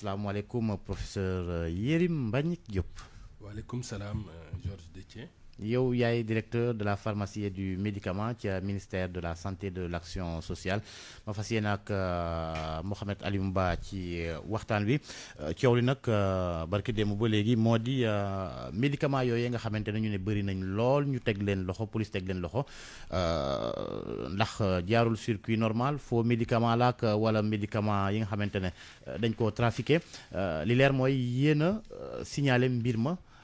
Assalamu alaikum, professeur euh, Yerim Banik Diop. Wa alaikum salam, euh, Georges Détier yow yaay directeur de la pharmacie et du médicament ci ministère de la santé de l'action sociale ma fas yéene ak euh, Mouhamed Alioune Ba ci euh, waxtaan wi euh, coow li nag barki démb ba léegi moo di médicament yooyu nga xamante ne ñu ne bëri nañ lool ñu teg leen loxo police teg leen loxo ndax jaarul circuit normal faux médicament la ak wala médicament yi nga xamante ne dañ koo trafiqué li leer mooy yéen a signalé mbir ma.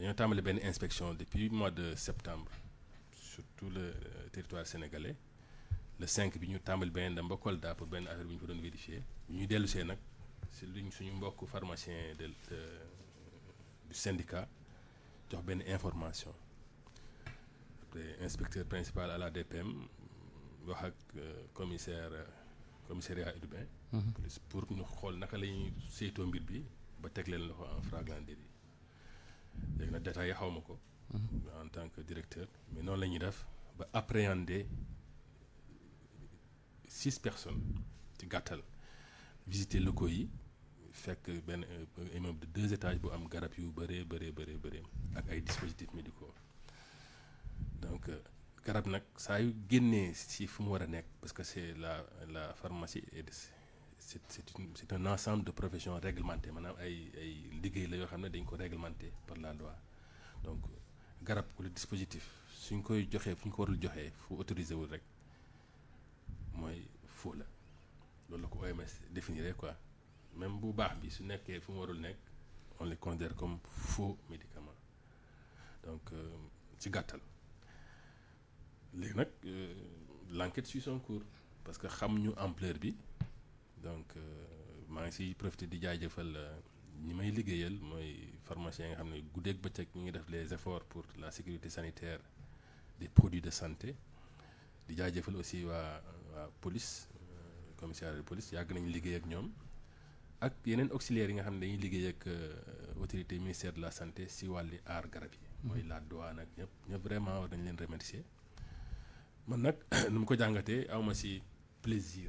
dañoo tàmbali une inspection depuis le mois de septembre sur tout le euh, territoire sénégalais le 5 bi ñu tàmbali benn dem Kolda pour benn affaire bi ñu vérifier ñu avons see nak si luñ suñu mbokk pharmacien du syndicat jox benn information après inspecteur principal à la DPM wax ak euh, commissaire euh, commissariat urbain. Mhm. police pour ñu xool naka la ñuy saytoo mbir bi ba teg leen en flagrant délit léegi nag détails yi xaw ma ko. en tant que directeur. mais noonu la ñuy def ba appréhender six personnes ci gàttal visiter locaux yi fekk benn euh, immeuble de deux étages bu am garab yu bëree bëree bëree bëree ak ay dispositifs médicaux donc euh, garab nag saa yu génnee si fu mu war a nekk parce que c'est la la pharmacie et c'est un ensemble de professions réglementées Maintenant, il y a des par la loi donc garab le dispositif suñ koy le fu ko warul fu faux la ce ko OMS quoi même si baax bi su nekké fu warul on les considère comme faux médicaments donc euh, c'est gàttal euh, l'enquête suit son cours parce que xam ñu ampleur bi donc euh, maa ngi siy profité di jaajëfal euh, ñi may liggéeyal mooy pharmacien nga xam ne guddeeg bëccëg ñu ngi def les efforts pour la sécurité sanitaire des produits de santé di jaajëfal aussi waa waa police euh, commissariat de police yàgg nañ liggéey ak ñoom ak yeneen auxiliaires yi nga xam ne dañuy liggéey ak autorité ministère de la santé si wàlli aar garab yi. Mm-hmm. mooy la douane ak ñëpp ñëpp vraiment war nañ leen remercier man nag nu mu ko jàngatee awma si plaisir.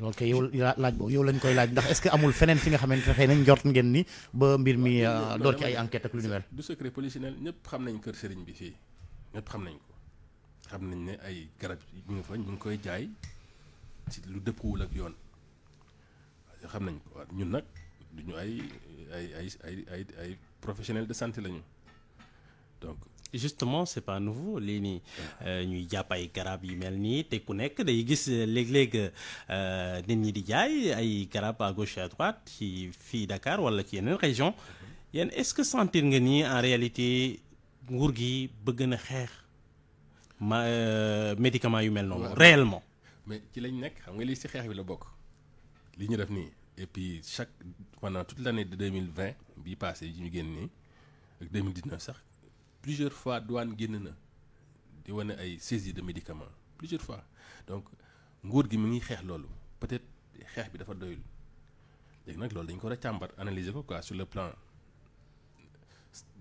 ok yow laaj boobu yow lañ koy laaj ndax est-ce que amul feneen fi nga xamante ne xëy nañ njort ngeen ni ba mbir mi euh, door ci ay enquête ak lu ni mel du secret ñëpp xam nañ kër sëriñ bi fii ñëpp xam nañ ko xam nañ ne ay garab ñu ngi fa ñu ngi koy jaay ci lu dëppuwul ak yoon xam nañ ko ñun nag du ñu ay ay ay ay ay professionnel de santé lañu justement c'est pas nouveau lii ñu euh, ñuy ay garab yi melni té ku nek day gis euh, lég euh nit ñi di jaay ay garab à gauche à droite ci fii Dakar wala ci yeneen région mm-hmm. yéen est-ce que sentir nga en réalité nguur gi bëgg na xeex ma euh, médicament yu mel non réellement mais ci lañ nek xam nga li ci xeex bi la bok li ñu def ni et puis chaque pendant toute l'année de 2020 bi passé yi ñu génn ak 2019 sax plusieurs fois douane génn na di wane ay saisie de médicaments plusieurs fois donc nguur gi mu ngi xeex loolu peut-être xex bi dafa doyul léegi nak lolu dañ ko a analyser ko quoi sur le plan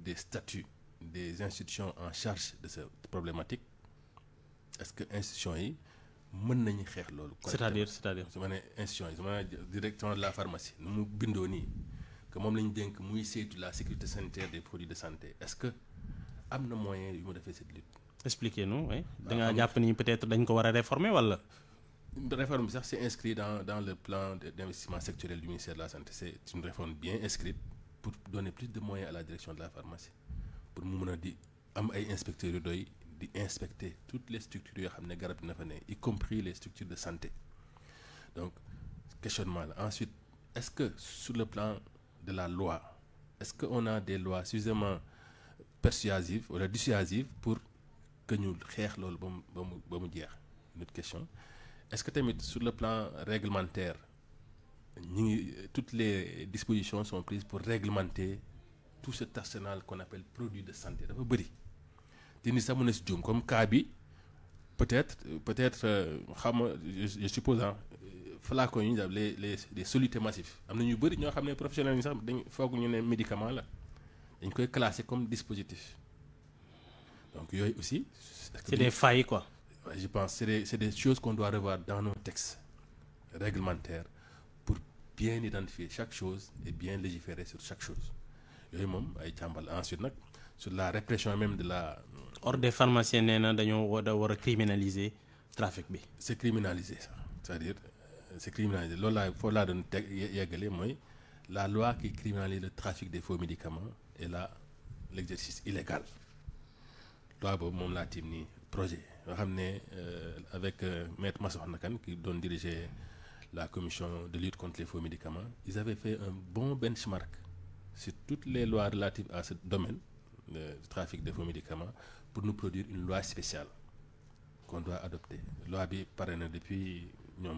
des statuts des institutions en charge de cette problématique est-ce que institution yi mën nañu xex lolu c'est-à-dire c'est-à-dire. c'est ma nee institutions de la pharmacie nu mu dit ni que mom la denk muy la sécurité sanitaire des produits de santé est-ce que am moyen yu mu defee cette lutte. expliquez nous oui bah, da ngaa peut être dañ ko war réformer wala. réforme c'est inscrit dans dans le plan d'investissement sectoriel du ministère de la santé C'est une réforme bien inscrite pour donner plus de moyens à la direction de la pharmacie pour mu mën a di am ay inspecteurs yu doy di inspecter toutes les structures yoo xam ne garab na fa y compris les structures de santé donc questionnement ensuite est ce que sur le plan de la loi est ce qu'on a des lois suffisamment persuasive ou dissuasive pour que nous, le loolu une autre question est-ce que sur le plan réglementaire toutes les dispositions sont prises pour réglementer tout cet arsenal qu'on appelle produit de santé dafa y a beaucoup de comme cas peut-être peut-être euh, je suppose il hein, flacons ait les les les solutés massifs il y ñu bëri ñoo professionnels qui sax des médicaments dañ koy classé comme dispositif donc a aussi. c'est des failles quoi. je pense c'est des c'est des choses qu'on doit revoir dans nos textes réglementaires pour bien identifier chaque chose et bien légiférer sur chaque chose et même ay ensuite sur la répression même de la. hors des pharmaciens nee na dañoo criminaliser le trafic c'est criminalisé ça c'est-à-dire euh, c'est criminalisé Il faut la loi qui criminalise le trafic des faux médicaments et là l'exercice illégal loi mon la laa projet Ramener euh, avec euh, maître Massokhna qui donne diriger la commission de lutte contre les faux médicaments ils avaient fait un bon benchmark sur toutes les lois relatives à ce domaine le trafic de faux médicaments pour nous produire une loi spéciale qu'on doit adopter loi bi depuis donc.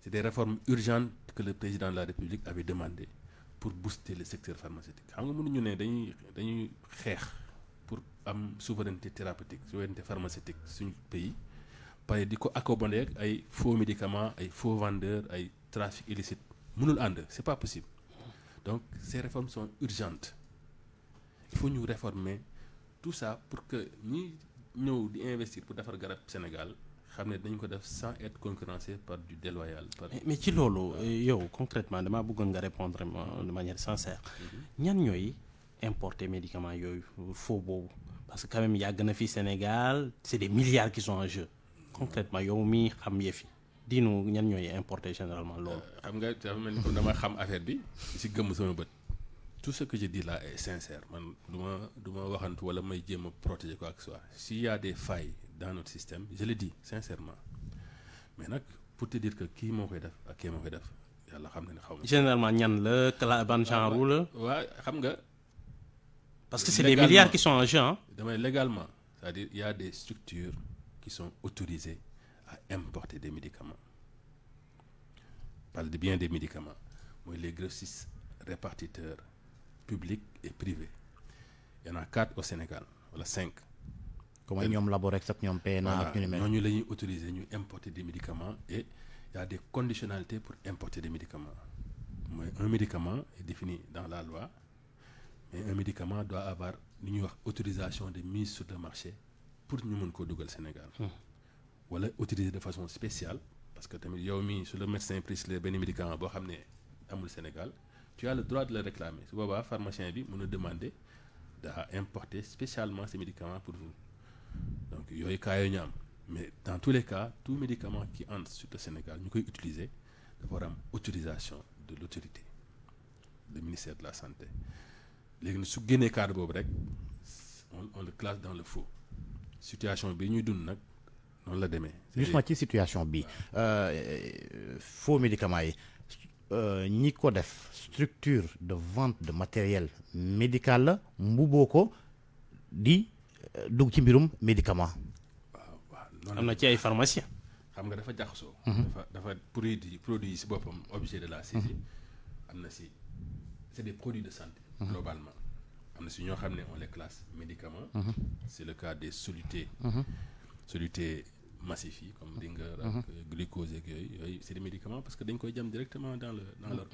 C'est des réformes urgentes que le président de la République avait demandées pour booster le secteur pharmaceutique. Nous avons pour une souveraineté thérapeutique, souveraineté pharmaceutique sur le pays. Par exemple, accompagner des faux médicaments, des faux vendeurs, des trafic illicite. Ce n'est pas possible. Donc, ces réformes sont urgentes. Il faut nous réformer. Tout ça pour que nous, nous investir pour faire le Sénégal, xam dañ ko def sans être concurrencé par du déloyal par mais ci lolu yow concrètement dama bëggoon nga répondre euh, de manière sincère mm-hmm. ñan ñoy importer médicaments yoy faux boobu parce que quand même yàgg na fi Sénégal c'est des milliards qui sont en jeu concrètement yow mi xam yëfi diinu ñan ñoy importer généralement loolu euh, xam nga dafa melni ni dama xam affaire bi ci gëmm sama bët tout ce que je dis là est sincère man duma duma du waxantu wala may jéem protéger quoi que ce soit s'il y a des failles dans notre système je le dis sincèrement mais pour te dire que qui moo def ak kii m'a koy def yalla xam xaw généralement ñan la ban genre ah, xam nga. parce que c'est des milliards qui sont en jeu hein. légalement c'est-à-dire il y a des structures qui sont autorisées à importer des médicaments parle de bien des médicaments les grossistes répartiteurs publics et privés il y en a quatre au Sénégal a cinq comme ñoom Laborex ak ñu importer des médicaments et il y a des conditionnalités pour importer des médicaments un médicament est défini dans la loi mais un médicament doit avoir une autorisation de mise sur le marché pour ñu mën ko au Sénégal. Hmm. wala l'utiliser de façon spéciale parce que tamit yow mis sur le médecin prescrit les médicament qui sont amul Sénégal tu as le droit de le réclamer su boobaa pharmacien bi mën demander d'importer spécialement ces médicaments pour vous donc il y a des cas, mais dans tous les cas tout médicament qui entre sur le Sénégal nous pouvons utiliser pour autorisation de l'autorité, le du ministère de la santé Les gens qui ont cadre on le classe dans le faux situation bi nous donnons, on la demee. justement ci situation bi euh, euh, faux médicaments euh, ñi structure de vente de matériel médical la dugg ci mbirum médicament. waaw am na ci ay pharmacie xam nga dafa jaxasoo. Mhm. dafa dafa produit produit yi objet de la saisie. Mhm. amna ci c'est des produits de santé. Mhm. globalement amna ci ño xamné on les classe médicaments. c'est le cas des solutés. solutés massifs comme Dinger euh, glucose ak c'est des médicaments parce que dañ koy jam directement dans le dans leur.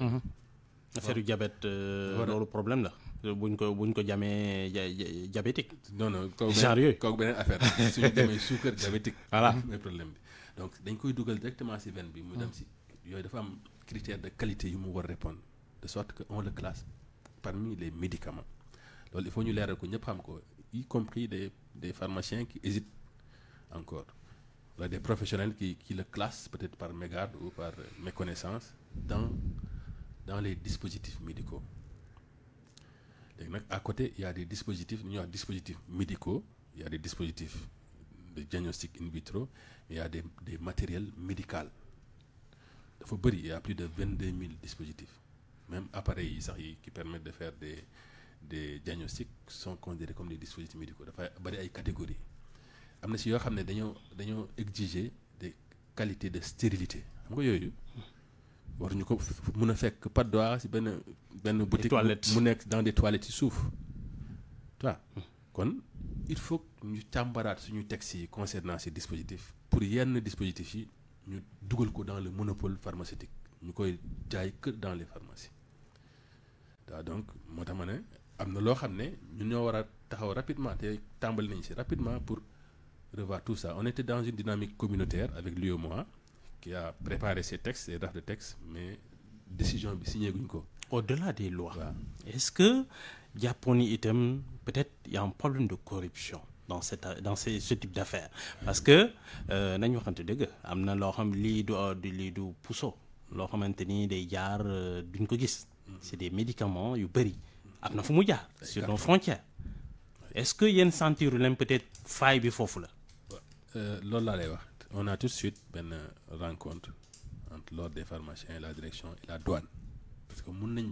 affaire du diabète euh, lolu problème la buñ ko buñ ko diabétique. non non sérieux vous kooku beneen affaire diabétique. voilà mooy problème donc dañ koy dugal directement si veine bi. mu des si yooyu dafa am critère de qualité yu mu répondre de sorte que on le classe parmi les médicaments loolu il faut ñu leeral ko ñëpp xam ko y compris des pharmaciens qui hésitent encore des professionnels qui qui le classent peut-être par mégarde ou par méconnaissance dans dans les dispositifs médicaux à côté il y a des dispositifs a des dispositifs médicaux il y a des dispositifs de diagnostic in vitro il y a des matériels médicaux il y a plus de 22 000 dispositifs même appareils qui permettent de faire des des diagnostics sont considérés comme des dispositifs médicaux y a des catégories Il y a des des qualités de stérilité war ñu ko a fekk pas doir si benn benn boutique mu nekk dans des toilettes ci suuf hum. kon il faut ñu càmbaraat suñu texte yi concernant ces dispositifs pour yenn dispositifs yi ñu dugal ko dans le monopole pharmaceutique ñu koy jaay que dans les pharmacies donc moo tax ma ne am na loo xam ne ñoo war taxaw rapidement te tàmbali nañ si rapidement pour revoir tout ça on était dans une dynamique communautaire avec lui l'UEMOA qui a préparé ces textes, ces drafts de textes, mais décision bi signé guñ Au-delà des lois, est-ce que Japoni item peut-être il y a un problème de corruption dans cette dans ce, ce type d'affaires parce que euh, nous waxante dëgg amna lo xam li euh, du lii du puso loo xamante ni day euh, duñ ko gis mm-hmm. c'est des médicaments yu bëri am na fu mu jaar sur nos frontières est-ce que a sentir sentiment peut-être faille bi fofu la loolu la lay on a tout de suite une euh, rencontre entre l'ordre des pharmaciens la direction et la douane parce que nous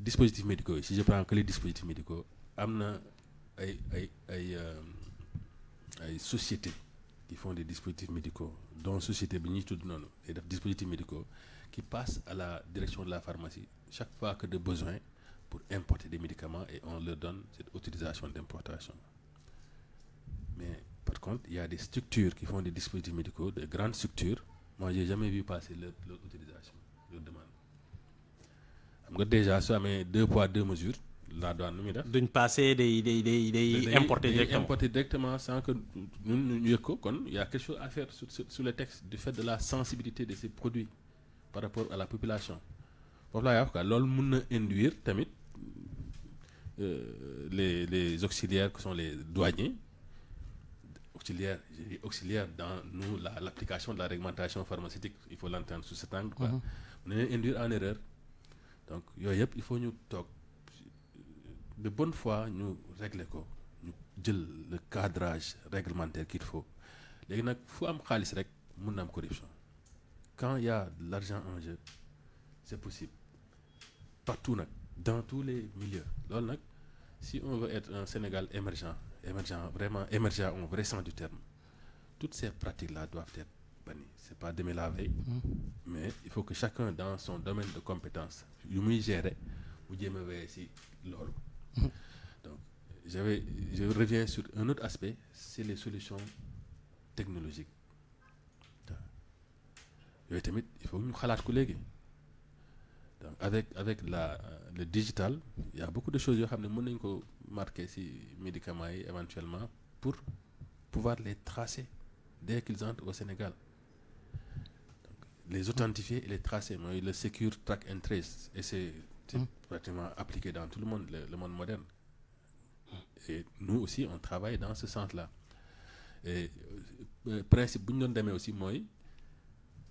dispositifs médicaux si je prends que les dispositifs médicaux il y a ay sociétés qui font des dispositifs médicaux dont société sociétés et dispositifs médicaux qui passent à la direction de la pharmacie chaque fois que de besoin pour importer des médicaments et on leur donne cette autorisation d'importation mais par contre, il y a des structures qui font des dispositifs médicaux, des grandes structures. Moi, je n'ai jamais vu passer leur, leur utilisation, leur demande. Déjà, ça mais deux poids, deux mesures. La douane, nous, D'une passée, des, des, des, des directement. Importer directement sans que nous nous Il y a quelque chose à faire sur, sur, le texte du fait de la sensibilité de ces produits par rapport à la population. Voilà, l'homme induire, tamit, euh, les, les auxiliaires qui sont les douaniers, auxiliaire, auxiliaire dans nous l'application de la réglementation pharmaceutique. Il faut l'entendre sous cet angle. Mhm. On est induit en erreur. Donc, il faut nous de bonne foi nous régler le cadrage réglementaire qu'il faut. Les faut am nous rek, mon corruption. Quand il y a de l'argent en jeu, c'est possible. Partout, dans tous les milieux. si on veut être un Sénégal émergent, émergent, vraiment émergent en vrai du terme. Toutes ces pratiques-là doivent être bannies. Ce n'est pas de la veille, mm. mais il faut que chacun dans son domaine de compétences, il gérer, vous dites, si l'or. Donc, je reviens sur un autre aspect, c'est les solutions technologiques. Il faut que nous collègues avec avec la euh, le digital il y a beaucoup de choses qui xam ne marquées médicaments éventuellement pour pouvoir les tracer dès qu'ils entrent au Sénégal les authentifier et les tracer le secure track and trace et c'est mmh. pratiquement appliqué dans tout le monde le, monde moderne et nous aussi on travaille dans ce sens-là et le euh, euh, principe bu aussi moi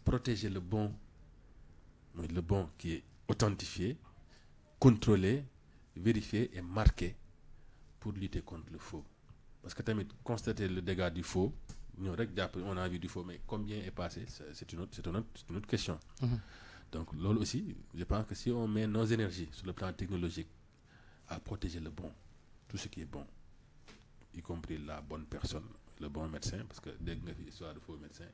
protéger le bon le bon qui est authentifier, contrôler, vérifier et marquer pour lutter contre le faux. Parce que constater le dégât du faux, on a vu du faux, mais combien est passé, c'est une, autre question. Mhm. Donc, là aussi, je pense que si on met nos énergies sur le plan technologique à protéger le bon, tout ce qui est bon, y compris la bonne personne, le bon médecin, parce que dès que l'histoire de faux médecin,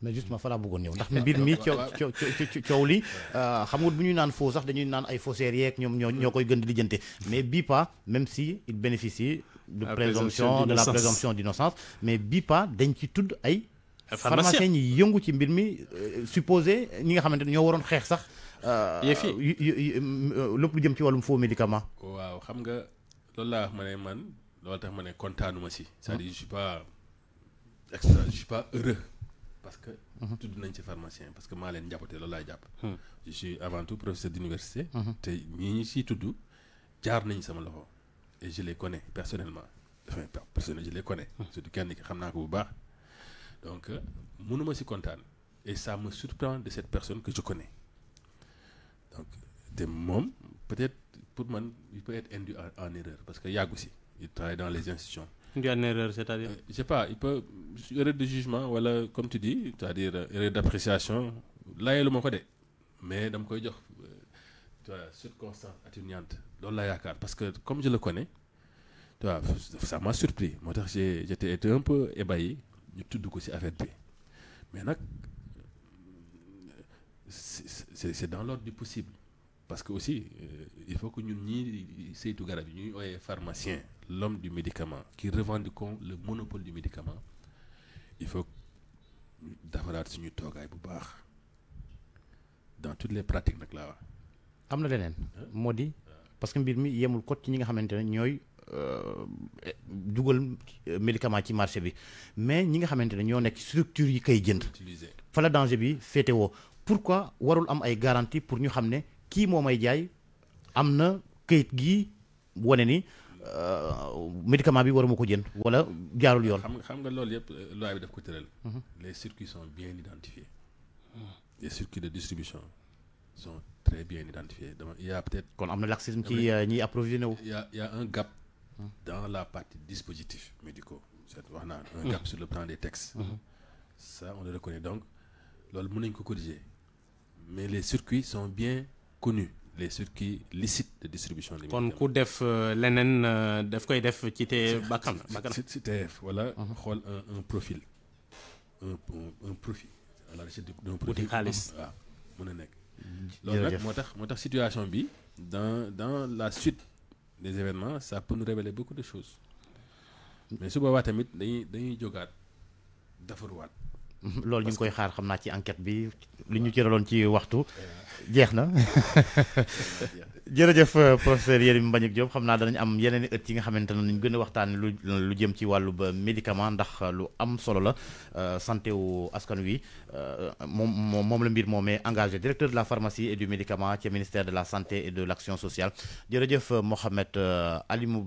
mais juste ma fa laa ndax mbir mi ci coow li euh, xam nga bu ñuy naan faux sax dañuy naan ay faussaires yeeg ñom ñoo ñoo koy gën di lijjante mais bi pas même si il bénéficie de présomption de la présomption d'innocence mais bi pas dañ ci tudd ay pharmacien ñi yëngu ci mbir mi euh, supposé ñi nga xamante ñoo waroon xex sax euh yi mm, lépp lu jëm ci walum faux médicament waaw xam nga loolu la wax mané man loolu tax mané ne kontaanuma si c'est-à-dire je suis pas extra je suis pas heureux parce que. Mhm. pharmacien parce que hmm. je suis avant tout professeur d'université. Mhm. et je les connais personnellement personnellement je les connais. donc hmm. kenn ki xam naa ko donc euh, et ça me surprend de cette personne que je connais donc peut-être pour man il peut être induit en erreur parce que a aussi il travaille dans les institutions il y a Une erreur, c'est-à-dire euh, Je sais pas, il peut. Erreur de jugement, voilà, comme tu dis, c'est-à-dire euh, erreur d'appréciation. Là, il y a le mot Mais dans le euh, tu vois, circonstance atténuante. Dans la yakar. Parce que comme je le connais, tu vois, ça m'a surpris. Moi, j'étais un peu ébahi. du tout du coup, c'est affaire Mais là, c'est dans l'ordre du possible parce que aussi euh, il faut que ñun ñii c'est garab ñuy ooyee pharmacien l'homme du médicament qui revendiquons le monopole du médicament il faut defaraat suñu toogaay bu baax dans toutes les pratiques nak la wax am na hein? parce que mbir mi yemul ko ci ñi nga xamantene ne euh dougal euh, médicament ci marché bi mais ñi nga xamantene ne nek nekk structure yi kay jënd fa la danger bi fété wo pourquoi warul am ay garantie pour ñu xamné qui moo may amna am gi këyit gii wane médicament bi waruma ko wala jaarul yoon. xam nga lool euh, loi bi daf ko teurel les circuits sont bien identifiés. les circuits de distribution sont très bien identifiés il y' a peut-être. kon amna laxisme ci euh, ñi approvisionné il y' a un gap. dans la partie dispositifs médicaux. c'est un gap sur le plan des textes. ça on le reconnaît donc lool mën nañu ko corriger mais les circuits sont bien connu les circuits licites de distribution def voilà un profil un un profil la profil ah, situation dans la suite des événements ça peut nous révéler beaucoup de choses mais lol ñu ngi koy xaar xamna ci enquête bi li ñu cëraloon ci waxtu jeexna na jërëjëf euh, professeur Yérim Mbagnick Diop xam naa danañ am yeneen i ëtt yi nga xamante ñu gën waxtaan lu lu jëm ci walu ba médicament ndax lu am solo la euh, santé wu askan wi euh, mom mom la mbir moomee engagé directeur de la pharmacie et du médicament ci ministère de la santé et de l'action sociale jërëjëf Mohamed Ali